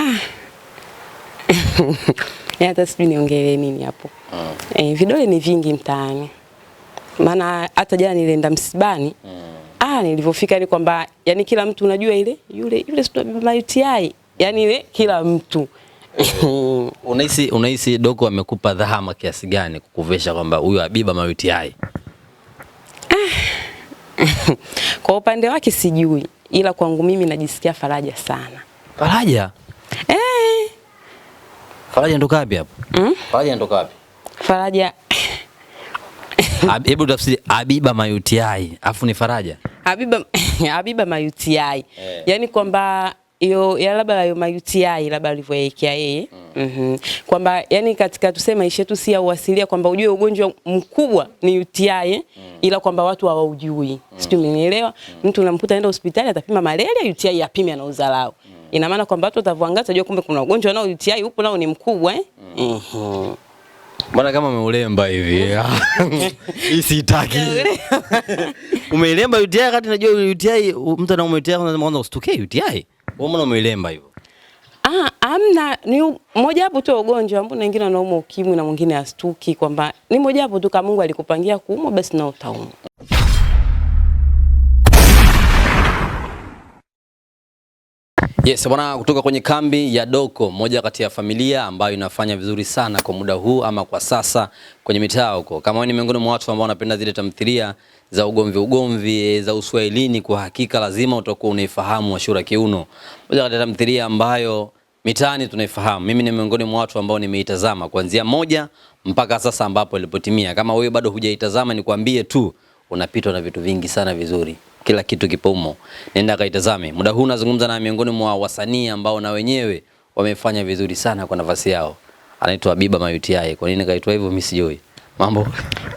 ah. hata sijui niongelee nini hapo. Ah. Eh, vidole ni vingi mtaani, maana hata jana nilienda msibani mm. ah, nilivyofika ni kwamba yani kila mtu unajua ile yule yule sio UTI yani ile kila mtu unahisi unahisi Doko amekupa dhahama kiasi gani kukuvesha kwamba huyo Habiba ma UTI? Ah. Kwa upande wake sijui, ila kwangu mimi najisikia faraja sana. Faraja? Faraja anatoka wapi hapo? Mm? Faraja anatoka wapi? Faraja. Hebu tafsiri Habiba Ai, afu ni Faraja. Habiba Habiba Ai. Eh. Yaani kwamba hiyo ya labda hiyo Mayuti Ai labda alivyoekea yeye. Hmm. Mhm. Mm. Mm -hmm. Kwamba yani katika tuseme ishe tu si ya uasilia kwamba ujue ugonjwa mkubwa ni UTI mm. ila kwamba watu hawaujui. Mm. Sijui umenielewa? Mm. Mtu unamkuta anaenda hospitali atapima malaria, UTI apime ana Mm ina maana kwamba watu watavuangaza watajua kumbe kuna ugonjwa nao UTI upo nao ni mkubwa eh? mm. mm. Mbona kama umeulemba hivi? Hii sitaki. Umeilemba UTI kati najua UTI mtu ana UTI unasema kwanza usitukie UTI. Wewe mbona umeulemba hivyo? Ah, amna ni moja hapo tu ugonjwa ambao wengine wanaumwa ukimwi na mwingine astuki kwamba ni moja hapo tu kama Mungu alikupangia kuumwa basi na utaumwa. Yes, bwana kutoka kwenye kambi ya Doko, moja kati ya familia ambayo inafanya vizuri sana kwa muda huu ama kwa sasa kwenye mitaa huko. Kama ni miongoni mwa watu ambao wanapenda zile tamthilia za ugomvi ugomvi za Uswahilini, kwa hakika lazima utakuwa unaifahamu Ashura Kiuno, moja kati ya tamthilia ambayo mitaani tunaifahamu. Mimi ni miongoni mwa watu ambao nimeitazama kuanzia moja mpaka sasa ambapo ilipotimia. Kama wewe bado hujaitazama, nikwambie tu unapitwa na vitu vingi sana vizuri, kila kitu kipo humo. Nenda kaitazame. Muda huu nazungumza na miongoni mwa wasanii ambao na wenyewe wamefanya vizuri sana kwa nafasi yao, anaitwa Biba Mayuti. Kwa nini kaitwa hivyo? Mimi sijui. Mambo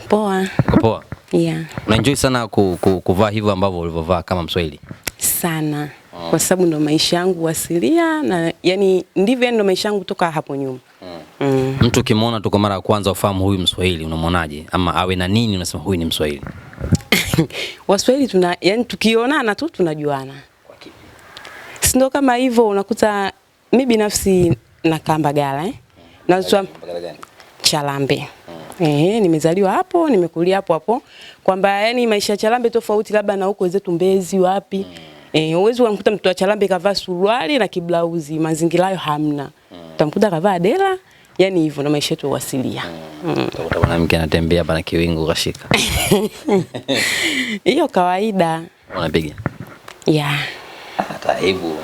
poa? Poa. Yeah. Unaenjoy sana ku, ku, kuvaa hivyo ambavyo ulivyovaa kama Mswahili sana, oh. Kwa sababu ndo maisha yangu asilia na yani ndivyo, ndo maisha yangu toka hapo nyuma mm. Mtu ukimwona tu kwa mara ya kwanza ufahamu huyu Mswahili, unamwonaje ama awe na nini unasema huyu ni Mswahili? Waswahili tuna yani, tukionana tu tunajuana, si ndio? Kama hivyo unakuta mi binafsi eh? mm. na kamba gala eh? na Naitwa Chalambe mm. Eh, nimezaliwa hapo, nimekulia hapo hapo, kwamba yani maisha ya Chalambe tofauti labda na huko wenzetu Mbezi wapi mm. Eh, uwezi unamkuta mtu wa Chalambe kavaa suruali na kiblauzi, mazingira hayo hamna. Mm. Utamkuta kavaa dela yani hivyo na maisha yetu wasilia. Utakuta mm. mwanamke anatembea hapa na kiwingu kashika. Hiyo kawaida. Unapiga? Yeah. Hata aibu.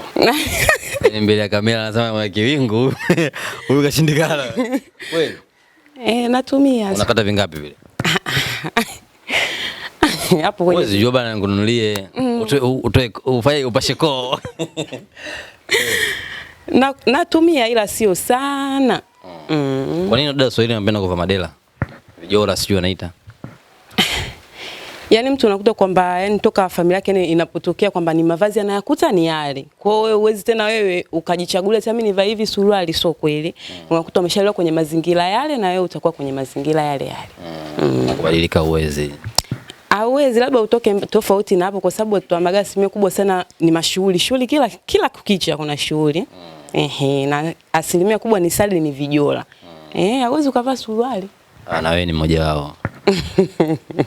Yaani mbele ya kamera anasema mwana kiwingu huyu kashindikana. Kweli? Eh, natumia. Unapata vingapi vile? Hapo kwenye. Wewe sio bana nikununulie. Mm. Utoe ufaye upashe koo. Na natumia ila sio sana. Mm. Kwa nini dada Waswahili wanapenda kuvaa madela? Vijora sijui wanaita. Yaani mtu unakuta kwamba yani toka familia yake inapotokea kwamba ni mavazi anayakuta ni yale. Kwa hiyo uwezi tena wewe ukajichagulia tena mimi nivae hivi suruali, sio kweli. Mm. Unakuta umeshalelewa kwenye mazingira yale na wewe utakuwa kwenye mazingira yale yale. Mm. Mm. Kubadilika uwezi. Hauwezi, labda utoke tofauti na hapo, kwa sababu watu wa Magasi kubwa sana ni mashughuli shughuli, kila kila kukicha kuna shughuli. Mm. Ehe, na asilimia kubwa ni sali ni vijola. Mm. Eh, hawezi kuvaa suruali. Ah, na wewe ni mmoja wao.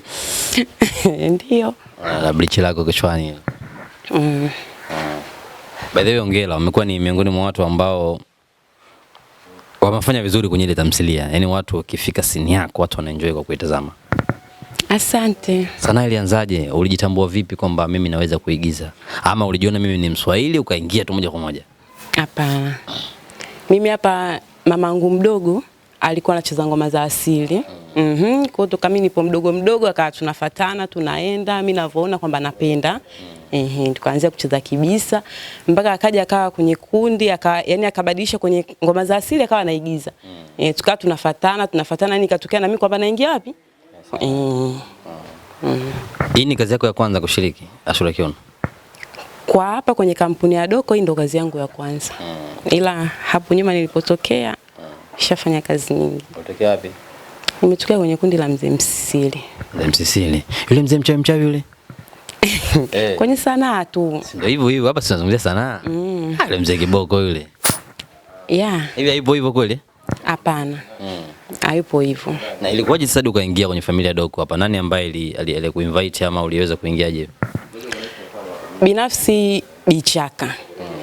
Ndio. Ah, na bleach lako kichwani. Mm. By the way, ongela umekuwa ni miongoni mwa watu ambao wamefanya vizuri kwenye ile tamthilia. Yaani watu wakifika sini yako watu wanaenjoy kwa kuitazama. Asante. Sanaa ilianzaje? Ulijitambua vipi kwamba mimi naweza kuigiza? Ama ulijiona mimi ni Mswahili ukaingia tu moja kwa moja? Hapana, mimi hapa mamangu mdogo alikuwa anacheza ngoma za asili mm -hmm. Kwa toka mimi nipo mdogo mdogo, akawa tunafatana tunaenda, mimi navyoona kwamba napenda ehe, tukaanza kucheza kibisa mpaka akaja akawa kwenye kundi aka, yani akabadilisha kwenye ngoma za asili akawa anaigiza mm. eh, tukawa tunafatana tunafatana, katokea na mimi kwamba naingia wapi eh. Mm. Hii ni kazi yako ya kwanza kushiriki Ashura Kiuno? Kwa hapa kwenye kampuni ya Doko hii ndo kazi yangu ya kwanza. Mm. Ila hapo nyuma nilipotokea mm. nishafanya kazi nyingi. Ulitokea wapi? Nimetokea kwenye kundi la Mzee Msisili. Mzee Msisili. Yule mzee mchawi mchawi yule? Eh. Kwenye sanaa tu. Ndio hivyo hivyo hapa tunazungumzia sanaa. Mm. Ah, yule mzee kiboko yule. Yeah. Hivi haipo hivyo kweli? Hapana. Mm. Hayupo hivyo. Na ilikuwaje sasa ukaingia kwenye familia Doko hapa? Nani ambaye alikuinvite ama uliweza kuingiaje? binafsi Bichaka.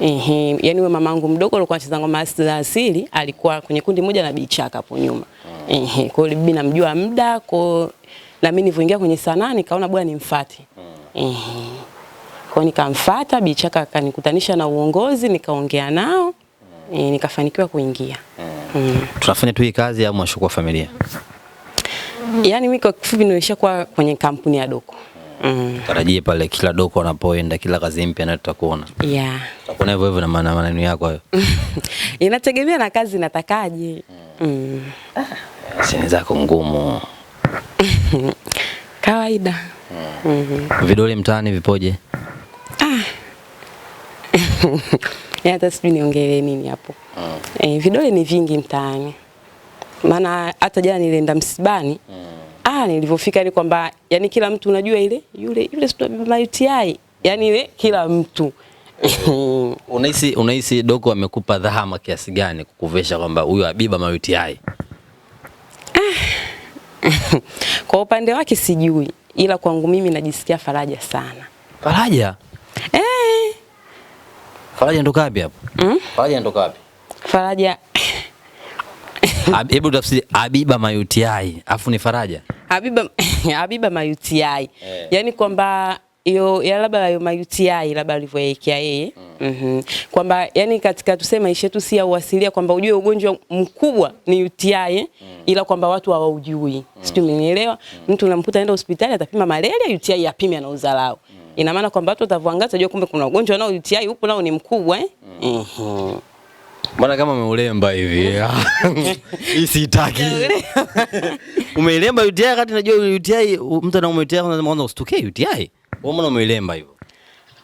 Ehe, yani wewe mamangu mdogo alikuwa anacheza ngoma za asili, alikuwa kwenye kundi moja na Bichaka hapo nyuma. Ehe, kwa hiyo bibi namjua muda, kwa na mimi nilipoingia kwenye sanaa nikaona bwana nimfuate. Ehe. Kwa nikamfuata Bichaka akanikutanisha na uongozi nikaongea nao. E, nikafanikiwa kuingia. Mm. Tunafanya tu hii kazi au mwashukua wa familia? Yaani mimi kwa kifupi nimeshakuwa kwenye kampuni ya Doko. Mm. Mm. Tarajie pale kila doko anapoenda, kila kazi mpya nayo tutakuona. Yeah. Tutakuona hivyo hivyo na maana maneno yako hayo. Inategemea na kazi natakaje. Mm. Ah, sini zako ngumu. Kawaida. Mm. Mm -hmm. Vidole mtaani vipoje? Ah. Yaani hata sijui niongelee nini hapo. Mm. Eh, vidole ni vingi mtaani. Maana hata jana nilienda msibani. Mm ah, nilivyofika ni kwamba yani kila mtu unajua ile yule yule sio UTI yani ile kila mtu unahisi unahisi Doko amekupa dhahama kiasi gani kukuvesha kwamba huyo Habiba mauti hai? Ah. Kwa upande wake sijui, ila kwangu mimi najisikia faraja sana. Faraja? Eh. Faraja ndo wapi hapo? Mm? Faraja ndo wapi? Faraja Hebu tafsiri Habiba Mayuti Ai, afu ni Faraja. Habiba Habiba Mayuti Ai eh. Yaani kwamba hiyo ya labda hiyo Mayuti Ai labda alivyoekea yeye mm. mm -hmm. kwamba yani katika tuseme maisha yetu si ya uasilia kwamba ujue ugonjwa mkubwa ni UTI mm. ila kwamba watu hawaujui mm. sijui mmenielewa mm. mtu unamkuta anaenda hospitali atapima malaria UTI yapime ana udharau mm. ina maana kwamba watu watavyoangaza jua kumbe kuna ugonjwa nao UTI upo nao ni mkubwa eh? mm. mm -hmm. Mbona kama umeulemba hivi? Hii sitaki. Umeulemba UTI wakati najua UTI mtu anauma UTI kwanza mwanzo usitukie UTI. Wewe mbona umeulemba hivyo?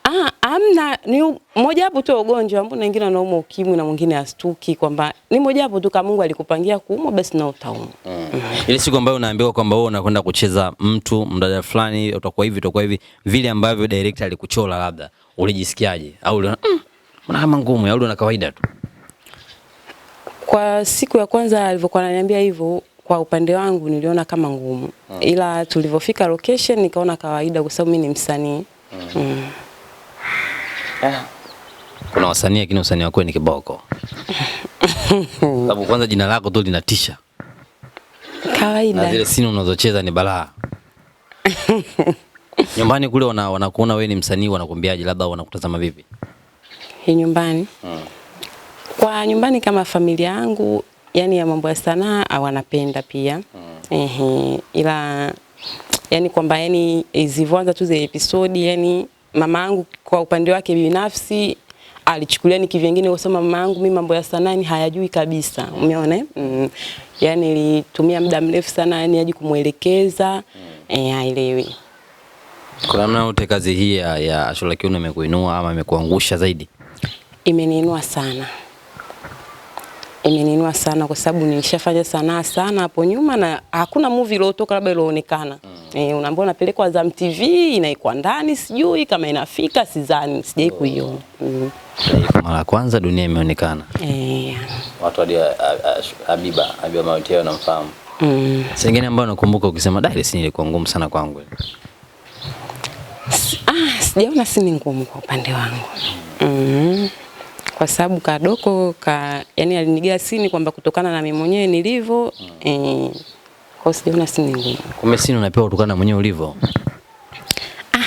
Ah, amna ni moja hapo tu ugonjwa ambao wengine wanaumwa ukimwi na mwingine astuki kwamba ni moja hapo tu kama Mungu alikupangia kuumwa basi na utaumwa. Mm. Ile siku ambayo unaambiwa kwamba wewe unakwenda kucheza mtu mdada fulani utakuwa hivi utakuwa hivi vile ambavyo director alikuchora labda ulijisikiaje au uliona mm, mbona kama ngumu au uliona kawaida tu? Kwa siku ya kwanza alivyokuwa ananiambia hivyo, kwa upande wangu niliona kama ngumu hmm. ila tulivyofika location nikaona kawaida, kwa sababu mimi ni msanii hmm. hmm. yeah. Kuna wasanii lakini usanii wako ni kiboko sababu kwanza jina lako tu linatisha kawaida, na zile sini unazocheza ni balaa nyumbani kule wanakuona wana wewe ni msanii, wanakuambiaje Labda wanakutazama vipi nyumbani? hmm. Kwa nyumbani kama familia yangu yani ya mambo ya sanaa awanapenda pia. Mm. Ehe, ila yani kwamba yani zilivyoanza tu zile episode yani mama yangu kwa upande wake binafsi alichukulia ni kivyengine kusema mama yangu mimi mambo ya sanaa ni hayajui kabisa. Umeona? Mm. Yani ilitumia muda mrefu sana yani aje kumuelekeza mm. eh haelewi. Kwa namna yote kazi hii ya Ashura Kiuno imekuinua ama imekuangusha zaidi? Imeniinua sana imeninua sana kwa sababu nishafanya sanaa sana hapo nyuma na hakuna movie iliyotoka labda ilionekana. Mm. Eh, unaambia unapelekwa Azam TV inaikuwa ndani, sijui kama inafika, sidhani, sijai kuiona. Mm. Mara ya kwanza dunia imeonekana. Eh. Watu hadi ah, ah, ah, Habiba, Habiba Mawete wanamfahamu. Mm. Sengine ambayo nakumbuka ukisema dai si ilikuwa ngumu sana kwangu. Ah, sijaona si ni ngumu kwa upande wangu. Mm. mm kwa sababu kadoko ka, yani sini kwamba kutokana na mimi mwenyewe nilivyo hmm. eh, kwa sijaona sini ngumu. Kumbe sini unapewa kutokana na mwenyewe ulivyo. Ah,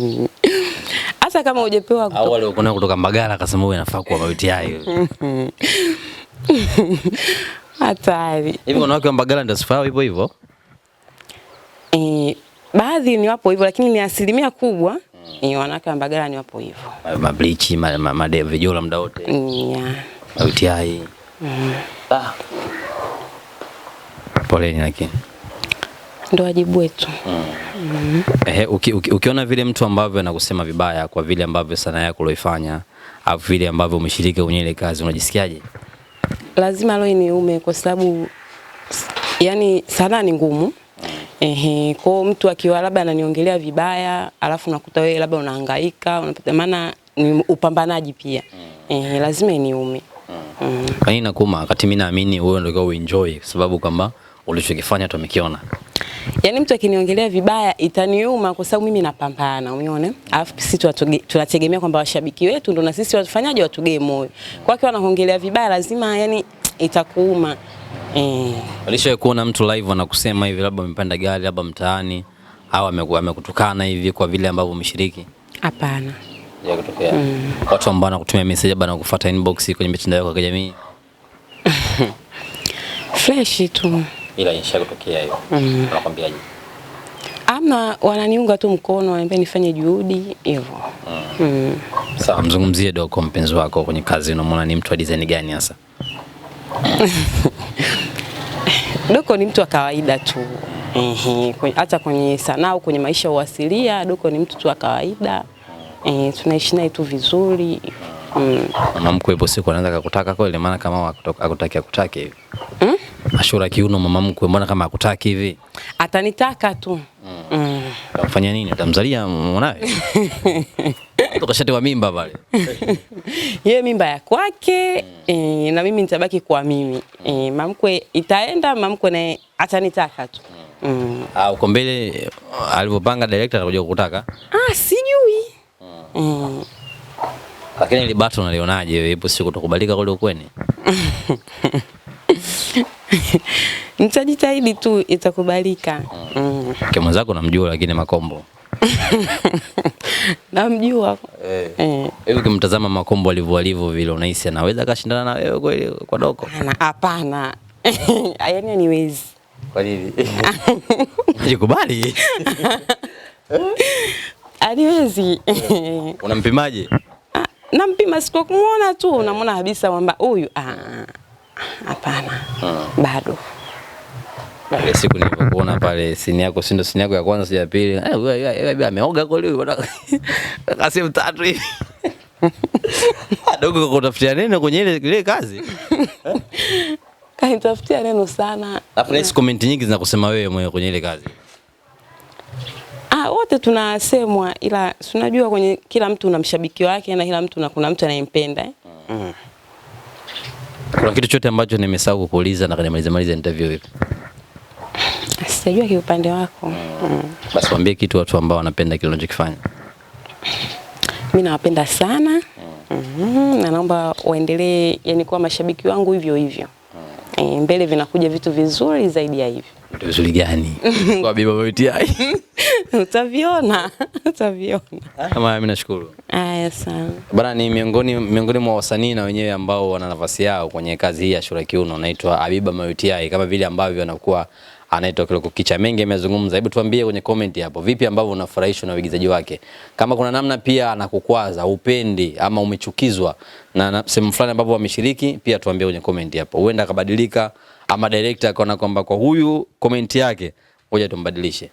hata kama hujapewa kutoka au alikuwa kutoka Mbagala akasema wewe unafaa kuwa mawiti hayo. Hatari. Hivi wanawake wa Mbagala ndio sifa hivyo hivyo? Eh, baadhi ni wapo hivyo lakini ni asilimia kubwa ni wanawake wa Mbagala wapo hivyo, mablichi vijola muda wote mauti. Mm. Ah. Poleni, lakini ndo wajibu wetu. Mm. Ehe, ukiona vile mtu ambavyo anakusema vibaya kwa vile ambavyo sanaa yako uloifanya au vile ambavyo umeshiriki kwenye ile kazi unajisikiaje? Lazima leo niume kwa sababu yani sanaa ni ngumu Ehe, kwa mtu akiwa labda ananiongelea vibaya, alafu nakuta wewe labda unahangaika, unapata maana ni upambanaji pia. Mm. Ehe, lazima iniume. Mm. mm. Kwa nini nakuuma? Wakati mimi naamini wewe ndio uenjoy kwa sababu kwamba ulichokifanya tu amekiona. Yaani mtu akiniongelea vibaya itaniuma kwa sababu mimi napambana, umeona? Alafu sisi tunategemea kwamba washabiki wetu ndio na sisi wafanyaji watugee moyo. Kwa hiyo anaongelea vibaya lazima yani itakuuma. Eh. Alishawahi kuona mtu live anakusema hivi labda amepanda gari labda mtaani au amekutukana hivi kwa vile ambavyo umeshiriki? Hapana. Ya kutokea. Mm. Watu ambao wanakutumia message bana kufuata inbox kwenye mitandao yako ya kijamii. Fresh tu. Ila insha kutokea hiyo. Mm. Anakwambiaje? Amna, wananiunga tu mkono, wananiambia nifanye juhudi hivyo. Mm. Mm. Sawa, mzungumzie Doko mpenzi wako kwenye kazi, unamwona ni mtu wa design gani hasa? Doko ni mtu wa kawaida tu, hata kwenye sanaa kwenye maisha uasilia, Doko ni mtu tu wa kawaida e, tunaishi naye tu vizuri mm. Mama mkwe ipo siku anaanza kukutaka kweli, maana kama akutaki akutaki hivi mm? Ashura Kiuno, mama mkwe, mbona kama akutaki hivi? Atanitaka tu mm. Mm. nini? Utamzalia mwanawe? Kashatewa mimba pale. Ye mimba ya kwake e, na mimi nitabaki kwa mimi e, mamkwe itaenda, mamkwe naye atanitaka tu mm. Ah, uko mbele eh, alivyopanga director atakuja kukutaka? Ah, sijui mm. mm. Lakini ile battle nalionaje wewe, ipo siku tukubalika kule ukweni? Nitajitahidi tu itakubalika. Mm. Kemwenzako namjua, lakini Makombo namjua hivi. Eh. Eh. Ukimtazama Makombo alivyo alivyo vile, unahisi anaweza akashindana na wewe kweli kwa doko? Hapana, yaani aniwezi. Kwa nini? Unajikubali? aniwezi. Unampimaje? Ah, nampima siku kumwona tu, unamwona kabisa kwamba huyu ah, hapana, ah. bado ile siku nilipokuona pale sini yako sindo sini yako ya kwanza si ya pili eh, ameoga kule kasi mtatu hivi dogo kutafutia neno kwenye ile ile kazi kanitafutia neno sana alafu nahisi komenti nyingi zinakusema wewe mwenyewe kwenye ile kazi Ah, wote tunasemwa ila unajua kwenye kila mtu una mshabiki wake na kila mtu na kuna mtu anayempenda eh? mm. Kuna kitu chote ambacho nimesahau kukuuliza na kanimaliza maliza interview hivi sijajua kiupande wako mm. mm. Basi waambie kitu watu ambao wanapenda kile unachokifanya. Mimi nawapenda sana mm -hmm. na naomba waendelee yani kuwa mashabiki wangu hivyo hivyo mm. E, mbele vinakuja vitu vizuri zaidi ya hivyo. Vitu vizuri gani? kwa Biba BTI utaviona, utaviona. Kama ah, mimi nashukuru. Haya sana bana, ni miongoni miongoni mwa wasanii na wenyewe ambao wana nafasi yao kwenye kazi hii ya Ashura Kiuno, naitwa Habiba BTI, kama vile ambavyo anakuwa anaitwa Kiloko Kicha. Mengi amezungumza, hebu tuambie kwenye comment hapo, vipi ambavyo unafurahishwa na uigizaji wake, kama kuna namna pia anakukwaza upendi ama umechukizwa na sehemu fulani ambapo ameshiriki, pia tuambie kwenye comment hapo, huenda akabadilika ama director akaona kwamba kwa huyu comment yake ngoja tumbadilishe.